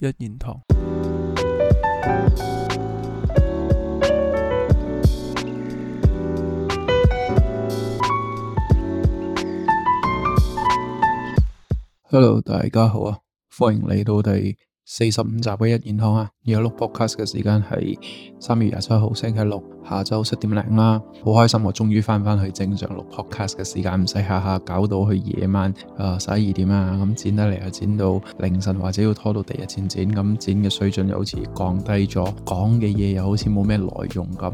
一言堂。Hello，大家好啊！歡迎嚟到第四十五集嘅一言堂啊！而家錄 podcast 嘅時間係三月廿七號星期六。下晝七點零啦，好開心我終於翻翻去正常錄 podcast 嘅時間，唔使下下搞到去夜晚誒十一二點啊，咁剪得嚟又剪到凌晨，或者要拖到第二日剪剪，咁剪嘅水準又好似降低咗，講嘅嘢又好似冇咩內容咁。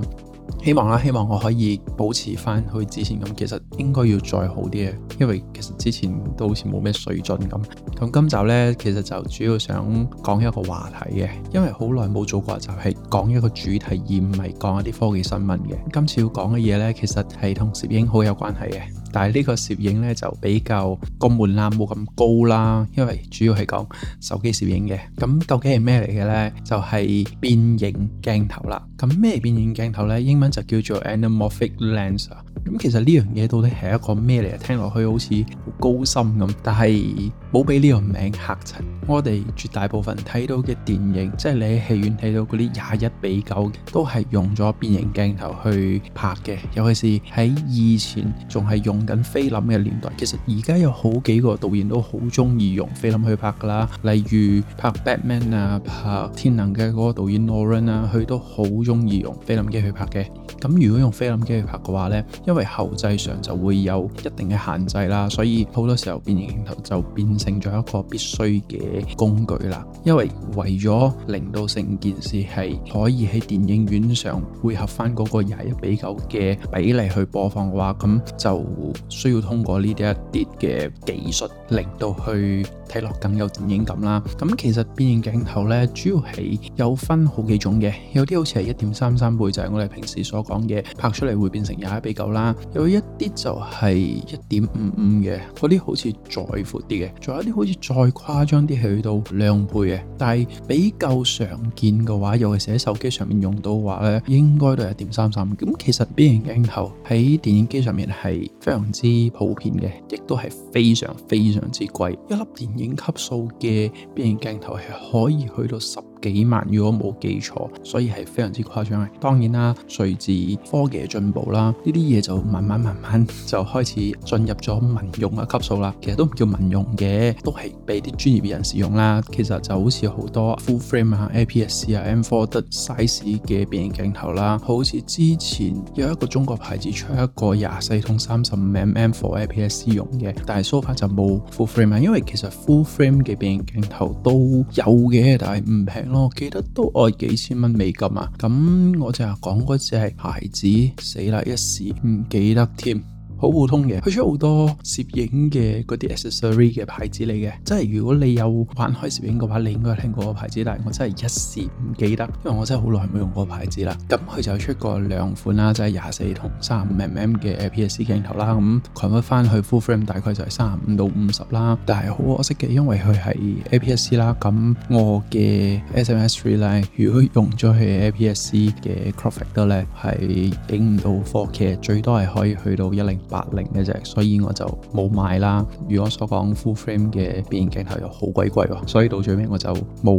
希望啦、啊，希望我可以保持翻去之前咁，其實應該要再好啲嘅，因為其實之前都好似冇咩水準咁。咁今集呢，其實就主要想講一個話題嘅，因為好耐冇做過，就係、是。講一個主題，而唔係講一啲科技新聞嘅。今次要講嘅嘢呢，其實係同攝影好有關係嘅。但係呢個攝影呢，就比較個門檻冇咁高啦，因為主要係講手機攝影嘅。咁究竟係咩嚟嘅呢？就係變形鏡頭啦。咁咩變形鏡頭呢？英文就叫做 Anamorphic Lens 啊。咁其實呢樣嘢到底係一個咩嚟啊？聽落去好似好高深咁，但係冇俾呢個名嚇親。我哋絕大部分睇到嘅電影，即係你喺戲院睇到嗰啲廿一比九，都係用咗變形鏡頭去拍嘅。尤其是喺以前仲係用緊菲林嘅年代，其實而家有好幾個導演都好中意用菲林去拍噶啦。例如拍 Batman 啊，拍天能嘅嗰個導演 Nolan 啊，佢都好中意用菲林機去拍嘅。咁如果用菲林機去拍嘅話呢？因為後製上就會有一定嘅限制啦，所以好多時候變形鏡頭就變成咗一個必須嘅工具啦。因為為咗令到成件事係可以喺電影院上匯合翻嗰個廿一比九嘅比例去播放嘅話，咁就需要通過呢啲一啲嘅技術令到去。睇落更有電影感啦！咁其實變形鏡頭呢，主要係有分好幾種嘅，有啲好似係一點三三倍，就係我哋平時所講嘅拍出嚟會變成廿一比九啦。有一啲就係一點五五嘅，嗰啲好似再闊啲嘅，仲有啲好似再誇張啲，去到兩倍嘅。但係比較常見嘅話，尤其是喺手機上面用到嘅話呢，應該都係一點三三咁。其實變形鏡頭喺電影機上面係非常之普遍嘅，亦都係非常非常之貴，一粒電影級數嘅變形鏡頭係可以去到十。幾萬，如果冇記錯，所以係非常之誇張嘅。當然啦，隨住科技嘅進步啦，呢啲嘢就慢慢慢慢就開始進入咗民用嘅級數啦。其實都唔叫民用嘅，都係俾啲專業人士用啦。其實就好似好多 full frame 啊、APS C 啊、M Four 的 size 嘅變形鏡頭啦。好似之前有一個中國牌子出一個廿四通三十五 mm for APS 用嘅，但係 so far 就冇 full frame 啊。因為其實 full frame 嘅變形鏡頭都有嘅，但係唔平。我、哦、記得都要幾千蚊美金啊，咁、嗯、我就係講嗰隻牌子死啦，一時唔記得添。好普通嘅，佢出好多攝影嘅嗰啲 accessory 嘅牌子嚟嘅，即係如果你有玩開攝影嘅話，你應該聽過個牌子，但係我真係一時唔記得，因為我真係好耐冇用過個牌子啦。咁、嗯、佢就出過兩款啦，即係廿四同卅五 mm 嘅 APS-C 鏡頭啦。咁佢 o n 翻去 full frame 大概就係卅五到五十啦。但係好可惜嘅，因為佢係 APS-C 啦。咁我嘅 SM-S3 咧，如果用咗佢 APS-C 嘅 crop factor 咧，係影唔到 4K，最多係可以去到一零。八零嘅啫，所以我就冇買啦。如我所講，full frame 嘅變形鏡頭又好鬼貴，所以到最尾我就冇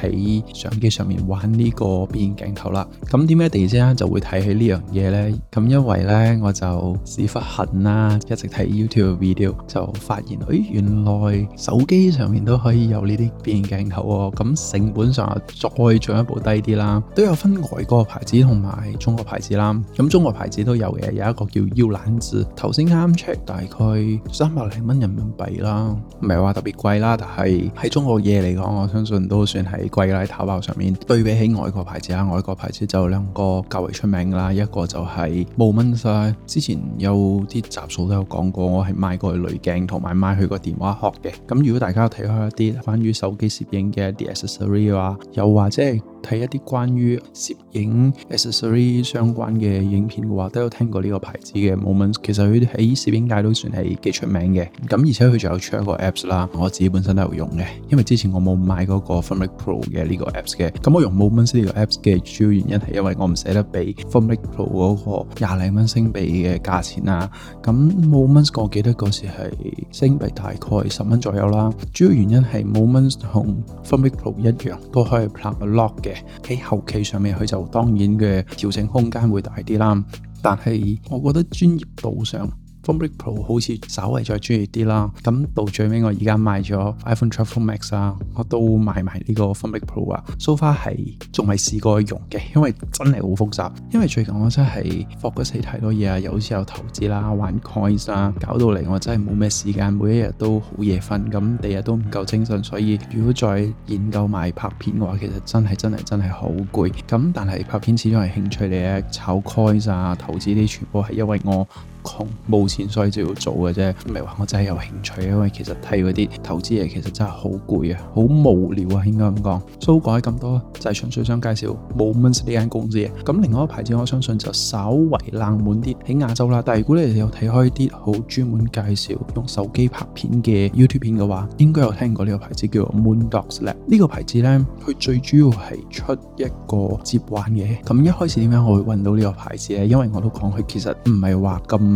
喺相機上面玩呢個變形鏡頭啦。咁點解突然之間就會睇起呢樣嘢咧？咁因為咧我就屎忽痕啦，一直睇 YouTube video 就發現誒、哎、原來手機上面都可以有呢啲變形鏡頭，哦，咁成本上又再進一步低啲啦，都有分外國牌子同埋中國牌子啦。咁中國牌子都有嘅，有一個叫 Ulanzi。頭先啱 check 大概三百零蚊人民幣啦，唔係話特別貴啦，但係喺中國嘢嚟講，我相信都算係貴啦。喺淘寶上面對比起外國牌子啊，外國牌子就兩個較為出名噶啦，一個就係 Moment 之前有啲集數都有講過，我係買過濾鏡同埋買佢個電話殼嘅。咁如果大家睇開一啲關於手機攝影嘅啲 accessory 嘅話，又話即係。睇一啲關於攝影 accessory 相關嘅影片嘅話，都有聽過呢個牌子嘅 moments，其實佢喺攝影界都算係幾出名嘅。咁而且佢仲有出一個 apps 啦，我自己本身都有用嘅。因為之前我冇買嗰個 Filmic Pro 嘅呢個 apps 嘅，咁我用 moments 呢個 apps 嘅主要原因係因為我唔捨得俾 Filmic Pro 嗰個廿零蚊升幣嘅價錢啦。咁 moments 我記得嗰時係升幣大概十蚊左右啦。主要原因係 moments 同 Filmic Pro 一樣，都可以 plug、um、lock 嘅。喺後期上面，佢就當然嘅調整空間會大啲啦。但係，我覺得專業度上，FiLMiC Pro 好似稍微再專業啲啦，咁到最尾我而家買咗 iPhone 12 Pro Max 啊，我都買埋呢個 FiLMiC Pro 啊，so far 係仲未試過用嘅，因為真係好複雜。因為最近我真係伏咗死太多嘢啊，有時候投資啦、玩 coins 啦、啊，搞到嚟我真係冇咩時間，每一日都好夜瞓，咁第二日都唔夠精神，所以如果再研究埋拍片嘅話，其實真係真係真係好攰。咁但係拍片始終係興趣嚟嘅，炒 coins 啊、投資啲全部係因為我。窮冇錢，所以就要做嘅啫，唔係話我真係有興趣啊。因為其實睇嗰啲投資嘢，其實真係好攰啊，好無聊啊，應該咁講。so 講咁多，就係、是、純粹想介紹 Moment 呢間公司嘅。咁另外一個牌子，我相信就稍為冷門啲，喺亞洲啦。但係如果你哋有睇開啲好專門介紹用手機拍片嘅 YouTube 片嘅話，應該有聽過呢個牌子叫做 Moondog Labs。呢、這個牌子呢，佢最主要係出一個接環嘅。咁一開始點解我會揾到呢個牌子呢？因為我都講佢其實唔係話咁。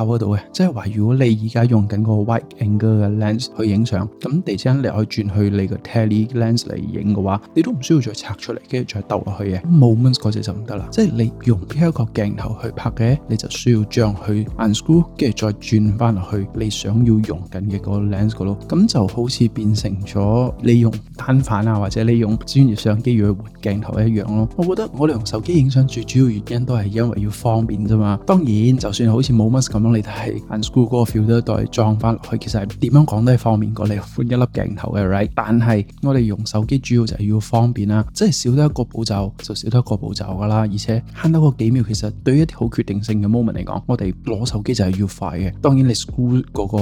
度嘅，即係話如果你而家用緊個 wide angle 嘅 lens 去影相，咁突然間你可以轉去你個 tele lens 嚟影嘅話，你都唔需要再拆出嚟，跟住再倒落去嘅。冇 Moment 嗰隻就唔得啦，即係你用邊一個鏡頭去拍嘅，你就需要將佢 unscrew，跟住再轉翻落去你想要用緊嘅個 lens 度咯。咁就好似變成咗你用單反啊，或者你用專業相機要去換鏡頭一樣咯。我覺得我哋用手機影相最主要原因都係因為要方便啫嘛。當然，就算好似冇 Moment 咁。你睇，unschool 嗰個 field 都再裝翻落去，其實係點樣講都係方便過你換一粒鏡頭嘅，right？但係我哋用手機主要就係要方便啦，即係少得一個步驟就少得一個步驟噶啦。而且慳得個幾秒，其實對於一啲好決定性嘅 moment 嚟講，我哋攞手機就係要快嘅。當然你 school 嗰個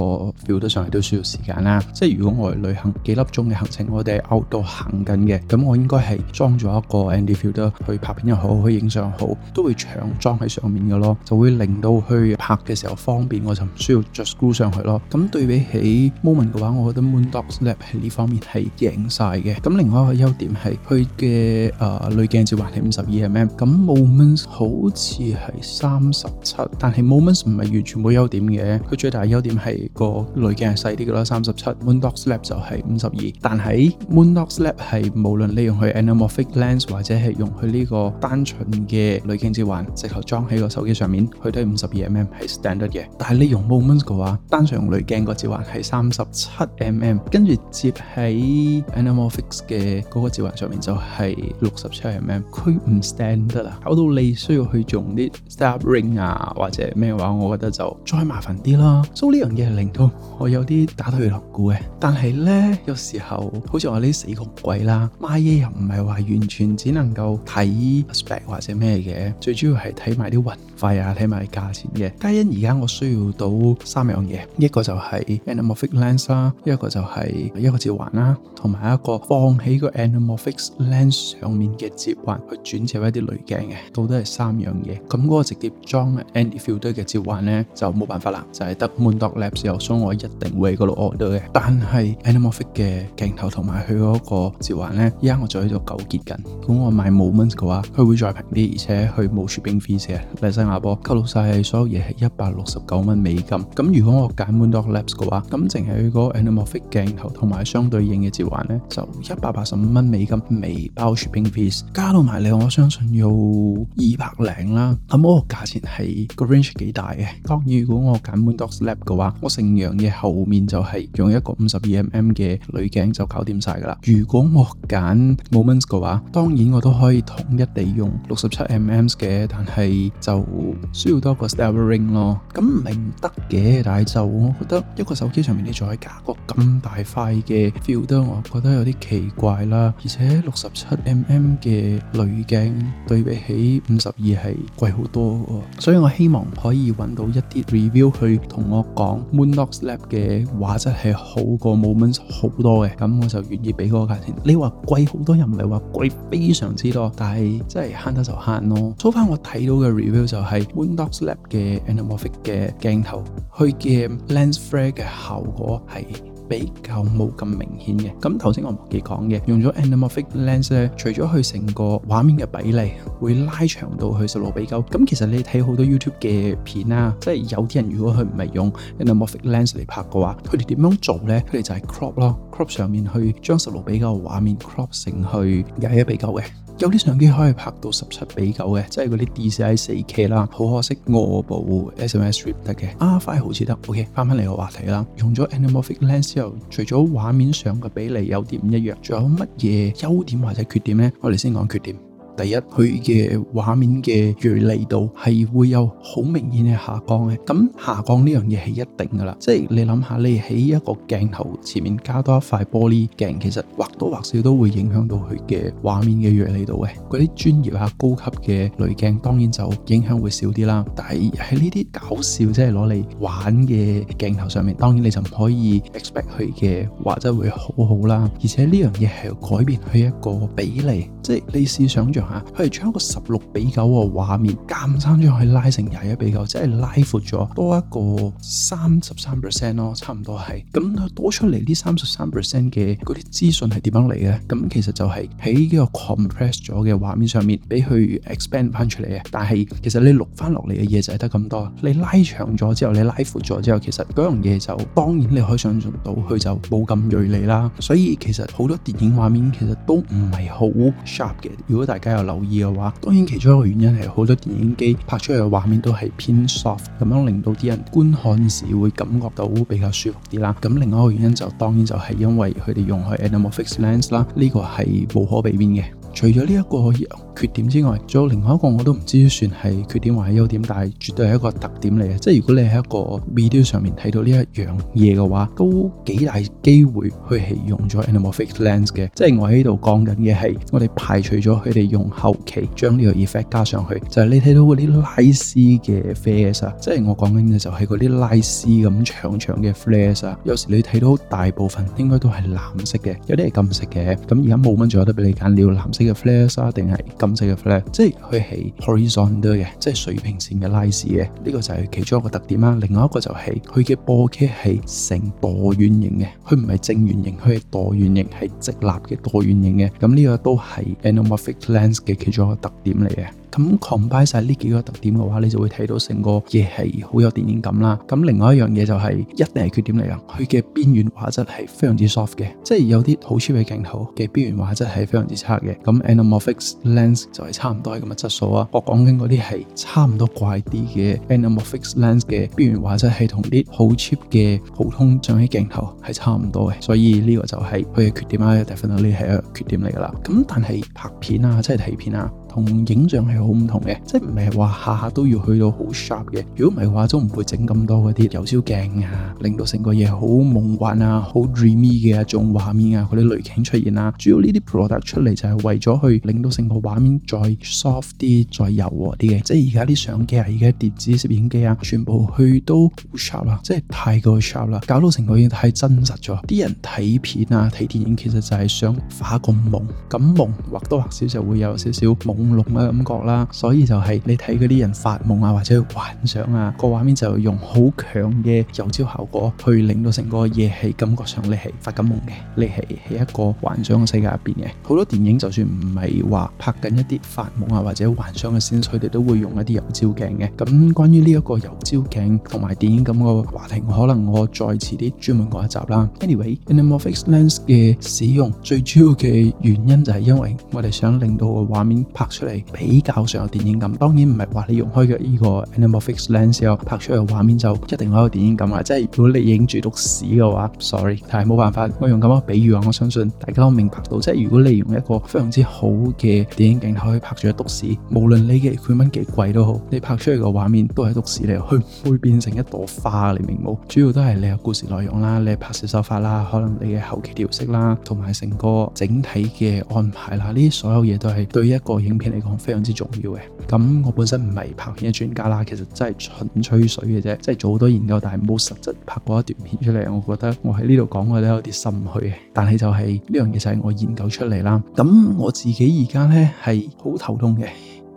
field 上嚟都需要時間啦。即係如果我係旅行幾粒鐘嘅行程，我哋 outdoor 行緊嘅，咁我應該係裝咗一個 ND filter 去拍片又好，去影相好，都會長裝喺上面嘅咯，就會令到去拍嘅時候。方便我就唔需要著 screw 上去咯。咁對比起 moment 嘅話，我覺得 Moondog Labs 係呢方面係贏晒嘅。咁另外一個優點係佢嘅誒濾鏡接環係五十二 mm，咁 moment 好似係三十七，但係 moment 唔係完全冇優點嘅。佢最大優點係個濾鏡係細啲嘅咯，三十七。37, Moondog Labs 就係五十二，但係 Moondog Labs 係無論你用佢 anamorphic lens 或者係用佢呢個單純嘅濾鏡接環，直頭裝喺個手機上面，佢都係五十二 mm 喺 stand。但係你用 moment 嘅話，單常用濾鏡個焦環係三十七 mm，跟住接喺 Anamorphic 嘅嗰個焦環上面就係六十七 mm，佢唔 stand 得啊！搞到你需要去用啲 step ring 啊，或者咩話，我覺得就再麻煩啲啦。做呢樣嘢令到我有啲打退堂鼓嘅，但係咧有時候，好似我呢死窮鬼啦，買嘢又唔係話完全只能夠睇 spec 或者咩嘅，最主要係睇埋啲運費啊，睇埋價錢嘅，皆因而家。我需要到三樣嘢，一個就係 Anamorphic Lens 啦，一個就係一個接環啦，同埋一個放喺個 Anamorphic Lens 上面嘅接環去轉接一啲濾鏡嘅，到底係三樣嘢。咁嗰個直接裝 Anfield 嘅接環咧，就冇辦法啦，就係得 Moondog Labs 有，所以我一定會喺嗰度 order 嘅。但係 Anamorphic 嘅鏡頭同埋佢嗰個接環咧，而家我就喺度糾結緊。咁我買 Moment 嘅話，佢會再平啲，而且佢冇 shipping fee。嚟新加坡購到晒所有嘢係一百六。六十九蚊美金，咁如果我揀 Moondog Labs 嘅話，咁淨係佢嗰 Anamorphic 鏡頭同埋相對應嘅接環咧，就一百八十五蚊美金未包 shipping fees，加到埋你，我相信要二百零啦。咁、啊、我價、那個價錢係 range 幾大嘅。當然如、mm，如果我揀 Moondog Labs 嘅話，我成樣嘅後面就係用一個五十二 mm 嘅濾鏡就搞掂晒噶啦。如果我揀 Moment 嘅話，當然我都可以統一地用六十七 mm 嘅，但係就需要多一個 stabil ring 咯。咁明得嘅，但係就我覺得一個手機上面你仲要加個咁大塊嘅 Field，都我覺得有啲奇怪啦。而且六十七 mm 嘅濾鏡對比起五十二係貴好多噶，所以我希望可以揾到一啲 review 去同我講，Moondog Labs 嘅畫質係好過 Moment 好多嘅，咁我就願意俾嗰個價錢。你話貴好多又唔係話貴非常之多，但係真係慳得就慳咯。初初我睇到嘅 review 就係 Moondog Labs 嘅 Anamorphic 嘅鏡頭，佢嘅 lens flare 嘅效果係比較冇咁明顯嘅。咁頭先我忘記講嘅，用咗 anamorphic lens 咧，除咗佢成個畫面嘅比例會拉長到去十六比九，咁其實你睇好多 YouTube 嘅片啊，即係有啲人如果佢唔係用 anamorphic lens 嚟拍嘅話，佢哋點樣做咧？佢哋就係 crop 咯，crop 上面去將十六比九嘅畫面 crop 成去廿一比九嘅。有啲相機可以拍到十七比九嘅，即係嗰啲 DCI 四 K 啦。好可惜，我部 S M S Three 唔得嘅，R Five 好似得。O K，翻返嚟個話題啦。用咗 Anamorphic Lens 之後，除咗畫面上嘅比例有啲唔一樣，仲有乜嘢優點或者缺點呢？我哋先講缺點。第一，佢嘅畫面嘅銳利度係會有好明顯嘅下降嘅。咁下降呢樣嘢係一定噶啦，即係你諗下，你喺一個鏡頭前面加多一塊玻璃鏡，其實或多或少都會影響到佢嘅畫面嘅銳利度嘅。嗰啲專業啊高級嘅濾鏡當然就影響會少啲啦。但係喺呢啲搞笑即係攞嚟玩嘅鏡頭上面，當然你就唔可以 expect 佢嘅畫質會好好啦。而且呢樣嘢係改變佢一個比例，即係你試想像。佢係將個十六比九嘅畫面減三張去拉成廿一比九，即係拉闊咗多一個三十三 percent 咯，差唔多係。咁佢多出嚟呢三十三 percent 嘅嗰啲資訊係點樣嚟嘅？咁其實就係喺呢個 compress 咗嘅畫面上面，俾佢 expand 翻出嚟嘅。但係其實你錄翻落嚟嘅嘢就係得咁多，你拉長咗之後，你拉闊咗之後，其實嗰樣嘢就當然你可以想象到，佢就冇咁銳利啦。所以其實好多電影畫面其實都唔係好 sharp 嘅。如果大家留意嘅話，當然其中一個原因係好多電影機拍出嚟嘅畫面都係偏 soft，咁樣令到啲人觀看時會感覺到比較舒服啲啦。咁另外一個原因就當然就係因為佢哋用係 anamorphic lens 啦，呢個係無可避免嘅。除咗呢一個，缺點之外，仲有另外一個我都唔知算係缺點或係優點，但係絕對係一個特點嚟嘅，即係如果你係一個 medium 上面睇到呢一樣嘢嘅話，都幾大機會去係用咗 anamorphic lens 嘅。即係我喺度講緊嘅係，我哋排除咗佢哋用後期將呢個 effect 加上去，就係、是、你睇到嗰啲拉絲嘅 flares 啊，即係我講緊嘅就係嗰啲拉絲咁長長嘅 flares 啊。有時你睇到大部分應該都係藍色嘅，有啲係金色嘅。咁而家冇乜仲有得俾你揀，你要藍色嘅 flares 啊，定係？金色嘅 flat，即係佢係 horizontal 嘅，即係水平線嘅拉絲嘅，呢、這個就係其中一個特點啦。另外一個就係佢嘅 bokeh 係成橢圓形嘅，佢唔係正圓形，佢係橢圓形，係直立嘅橢圓形嘅。咁、這、呢個都係 Anamorphic Lens 嘅其中一個特點嚟嘅。咁 combine 晒呢幾個特點嘅話，你就會睇到成個嘢係好有電影感啦。咁另外一樣嘢就係、是、一定係缺點嚟噶，佢嘅邊緣畫質係非常之 soft 嘅，即係有啲好 cheap 嘅鏡頭嘅邊緣畫質係非常之差嘅。咁 anamorphic lens 就係差唔多係咁嘅質素啊。我講緊嗰啲係差唔多怪啲嘅 anamorphic lens 嘅邊緣畫質係同啲好 cheap 嘅普通相機鏡頭係差唔多嘅。所以呢個就係佢嘅缺點啦。一定係一個缺點嚟噶啦。咁但係拍片啊，即係睇片啊。同影像係好唔同嘅，即係唔係話下下都要去到好 sharp 嘅。如果唔係話，都唔會整咁多嗰啲柔焦鏡啊，令到成個嘢好夢幻啊、好 dreamy 嘅一種畫面啊，嗰啲濾鏡出現啊。主要呢啲 product 出嚟就係為咗去令到成個畫面再 soft 啲、再柔和啲嘅。即係而家啲相機啊，而家啲電子攝影機啊，全部去到好 sharp 啦，即係太過 sharp 啦，搞到成個嘢太真實咗。啲人睇片啊、睇電影其實就係想發一個夢，咁夢畫多畫少就會有少少夢。朦朧嘅感覺啦，所以就係你睇嗰啲人發夢啊，或者幻想啊，個畫面就會用好強嘅柔焦效果去令到成個嘢係感覺上你係發緊夢嘅，你係喺一個幻想嘅世界入邊嘅。好多電影就算唔係話拍緊一啲發夢啊或者幻想嘅先，佢哋都會用一啲柔焦鏡嘅。咁關於呢一個柔焦鏡同埋電影咁個話題，可能我再遲啲專門講一集啦。Anyway, Anamorphic Lens 嘅使用最主要嘅原因就係因為我哋想令到個畫面拍。出嚟比較上有電影感，當然唔係話你用開嘅呢個 anamorphic lens 之後拍出嚟嘅畫面就一定有電影感啊！即係如果你影住篤屎嘅話，sorry，但係冇辦法，我用咁樣比喻啊！我相信大家都明白到，即係如果你用一個非常之好嘅電影鏡頭去拍住嘅篤屎，無論你嘅佢蚊幾貴都好，你拍出嚟嘅畫面都係篤屎嚟，佢唔會變成一朵花，你明冇？主要都係你有故事內容啦，你嘅拍攝手法啦，可能你嘅後期調色啦，同埋成個整體嘅安排啦，呢啲所有嘢都係對一個影。片嚟講非常之重要嘅，咁我本身唔係拍片嘅專家啦，其實真係純吹水嘅啫，即係做好多研究，但係冇實質拍過一段片出嚟，我覺得我喺呢度講嘅咧有啲心虛嘅，但係就係、是、呢樣嘢就係我研究出嚟啦，咁我自己而家咧係好頭痛嘅。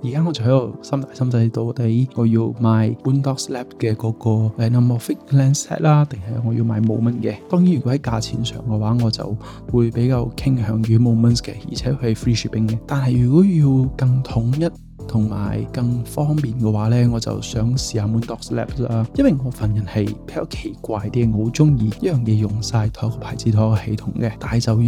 而家我就喺度心大心細，到底，我要買 Moondog Labs 嘅嗰個 Anamorphic Lens Set 啦，定係我要買 Moment 嘅。當然如果喺價錢上嘅話，我就會比較傾向於 Moment 嘅，而且係 Free Shipping 嘅。但係如果要更統一，同埋更方便嘅話呢，我就想試下 Moondog Labs 啊，因為我份人係比較奇怪啲，我好中意一樣嘢用晒同一個牌子同一個系統嘅，但係就要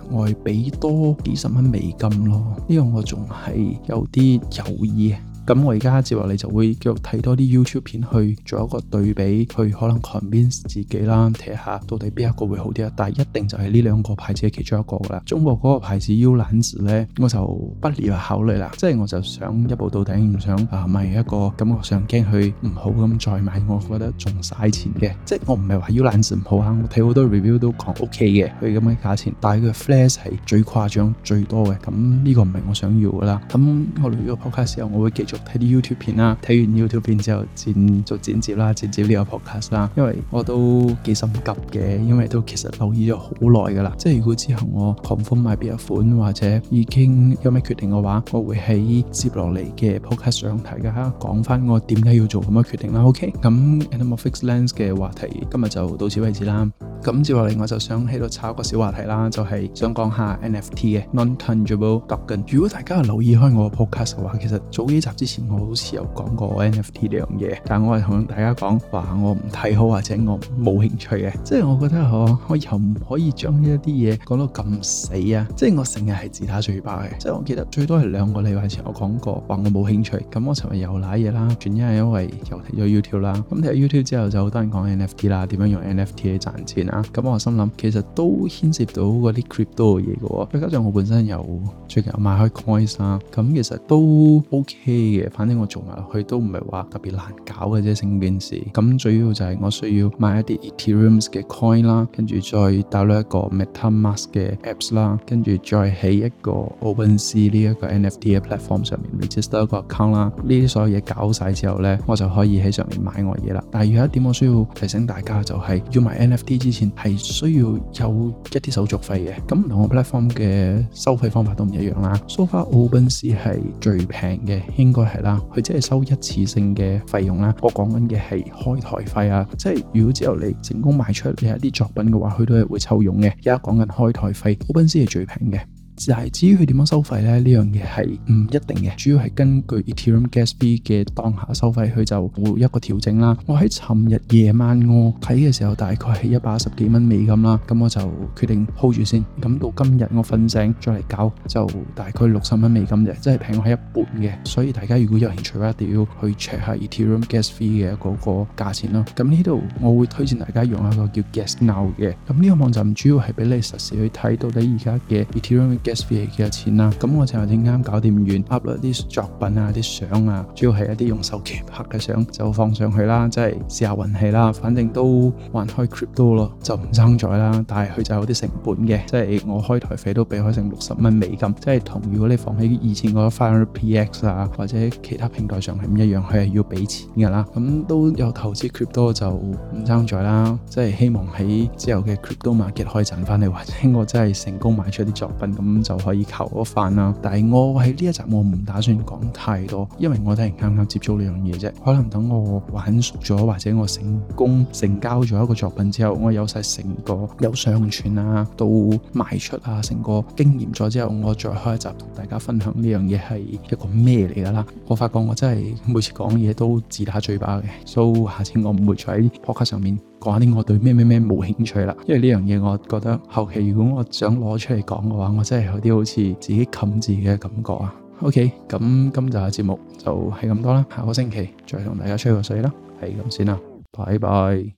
額外俾多幾十蚊美金咯，呢樣我仲係有啲猶豫啊。咁我而家接落嚟就會繼續睇多啲 YouTube 片去做一個對比，去可能 convince 自己啦，睇下到底邊一個會好啲。但一定就係呢兩個牌子的其中一個噶啦。中國嗰個牌子 Ulanzi 咧，我就不列入考慮啦。即、就是、我就想一步到底唔想啊買一個感覺上驚佢唔好咁再買，我覺得仲嘥錢嘅。即我唔係話 Ulanzi 唔好啊，我睇好多 review 都講 OK 嘅，佢咁嘅價錢，但係佢 flash 係最誇張最多嘅。咁呢個唔係我想要噶啦。咁我嚟呢個 podcast 我會繼續，睇啲 YouTube 片啦，睇完 YouTube 片之後剪，剪做剪接啦，剪接呢個 podcast 啦，因為我都幾心急嘅，因為都其實留意咗好耐㗎啦。即係如果之後我狂歡買邊一款或者已經有咩決定嘅話，我會喺接落嚟嘅 podcast 上睇嘅嚇，講翻我點解要做咁嘅決定啦。OK，咁 a n i m a l f i x Lens 嘅話題今日就到此為止啦。咁接落嚟我就想喺度炒個小話題啦，就係、是、想講下 NFT 嘅 non-tangible t o 如果大家留意開我 podcast 嘅話，其實早幾集以前我好似有講過 NFT 呢樣嘢，但我係同大家講話我唔睇好或者我冇興趣嘅，即係我覺得我，我又唔可以將呢一啲嘢講到咁死啊。即係我成日係自打嘴巴嘅，即係我記得最多係兩個禮拜前我講過話我冇興趣，咁我尋日又瀨嘢啦，原因係因為又睇咗 YouTube 啦，咁睇咗 YouTube 之後就好多人講 NFT 啦，點樣用 NFT 去賺錢啊。咁我心諗其實都牽涉到嗰啲 crypto 嘅嘢嘅喎，再加上我本身有最近有賣開 coins 啊，咁其實都 OK。反正我做埋落去都唔係話特別難搞嘅啫，成件事。咁主要就係我需要買一啲 Ethereum 嘅 coin 啦，跟住再 download 一個 MetaMask 嘅 apps 啦，跟住再喺一個 OpenSea 呢一個 NFT 嘅 platform 上面 register 一個 account 啦。呢啲所有嘢搞晒之後咧，我就可以喺上面買我嘢啦。但係有一點我需要提醒大家就係、是、要買 NFT 之前係需要有一啲手續費嘅。咁唔同嘅 platform 嘅收費方法都唔一樣啦。So far OpenSea 係最平嘅，應該都係啦，佢只係收一次性嘅費用啦。我講緊嘅係開台費啊，即係如果之後你成功賣出你一啲作品嘅話，佢都係會抽佣嘅。而家講緊開台費，OpenSea 係最平嘅。就係至於佢點樣收費呢？呢樣嘢係唔一定嘅，主要係根據 Ethereum Gas Fee 嘅當下收費，佢就會一個調整啦。我喺尋日夜晚我睇嘅時候，大概係一百十幾蚊美金啦，咁我就決定 hold 住先。咁到今日我瞓醒再嚟搞，就大概六十蚊美金嘅，即係平我係一半嘅。所以大家如果有興趣一定要去 check 下 Ethereum Gas Fee 嘅嗰個價錢咯。咁呢度我會推薦大家用一個叫 Gas Now 嘅。咁呢個網站主要係俾你實時去睇到底而家嘅 Ethereum PSV 係幾多錢啦？咁我就正啱搞掂完 u p 咗啲作品啊、啲相啊，主要係一啲用手機拍嘅相就放上去啦，即係試下運氣啦。反正都玩開 Crypto 咯，就唔爭在啦。但係佢就有啲成本嘅，即係我開台費都俾開成六十蚊美金，即係同如果你放喺以前嗰個 Fire PX 啊或者其他平台上係唔一樣，佢係要俾錢噶啦。咁都有投資 Crypto 就唔爭在啦，即係希望喺之後嘅 Crypto 馬結可以賺翻你，或者我真係成功賣出啲作品咁。就可以求我返啦，但係我喺呢一集我唔打算講太多，因為我都係啱啱接觸呢樣嘢啫。可能等我玩熟咗，或者我成功成交咗一個作品之後，我有晒成個有上傳啊，到賣出啊，成個經驗咗之後，我再開一集同大家分享呢樣嘢係一個咩嚟噶啦。我發覺我真係每次講嘢都自打嘴巴嘅，所以下次我唔會再喺 Podcast 上面。講啲我對咩咩咩冇興趣啦，因為呢樣嘢我覺得後期如果我想攞出嚟講嘅話，我真係有啲好似自己冚自己嘅感覺啊。OK，咁今集嘅節目就係咁多啦，下個星期再同大家吹個水啦，係咁先啦，拜拜。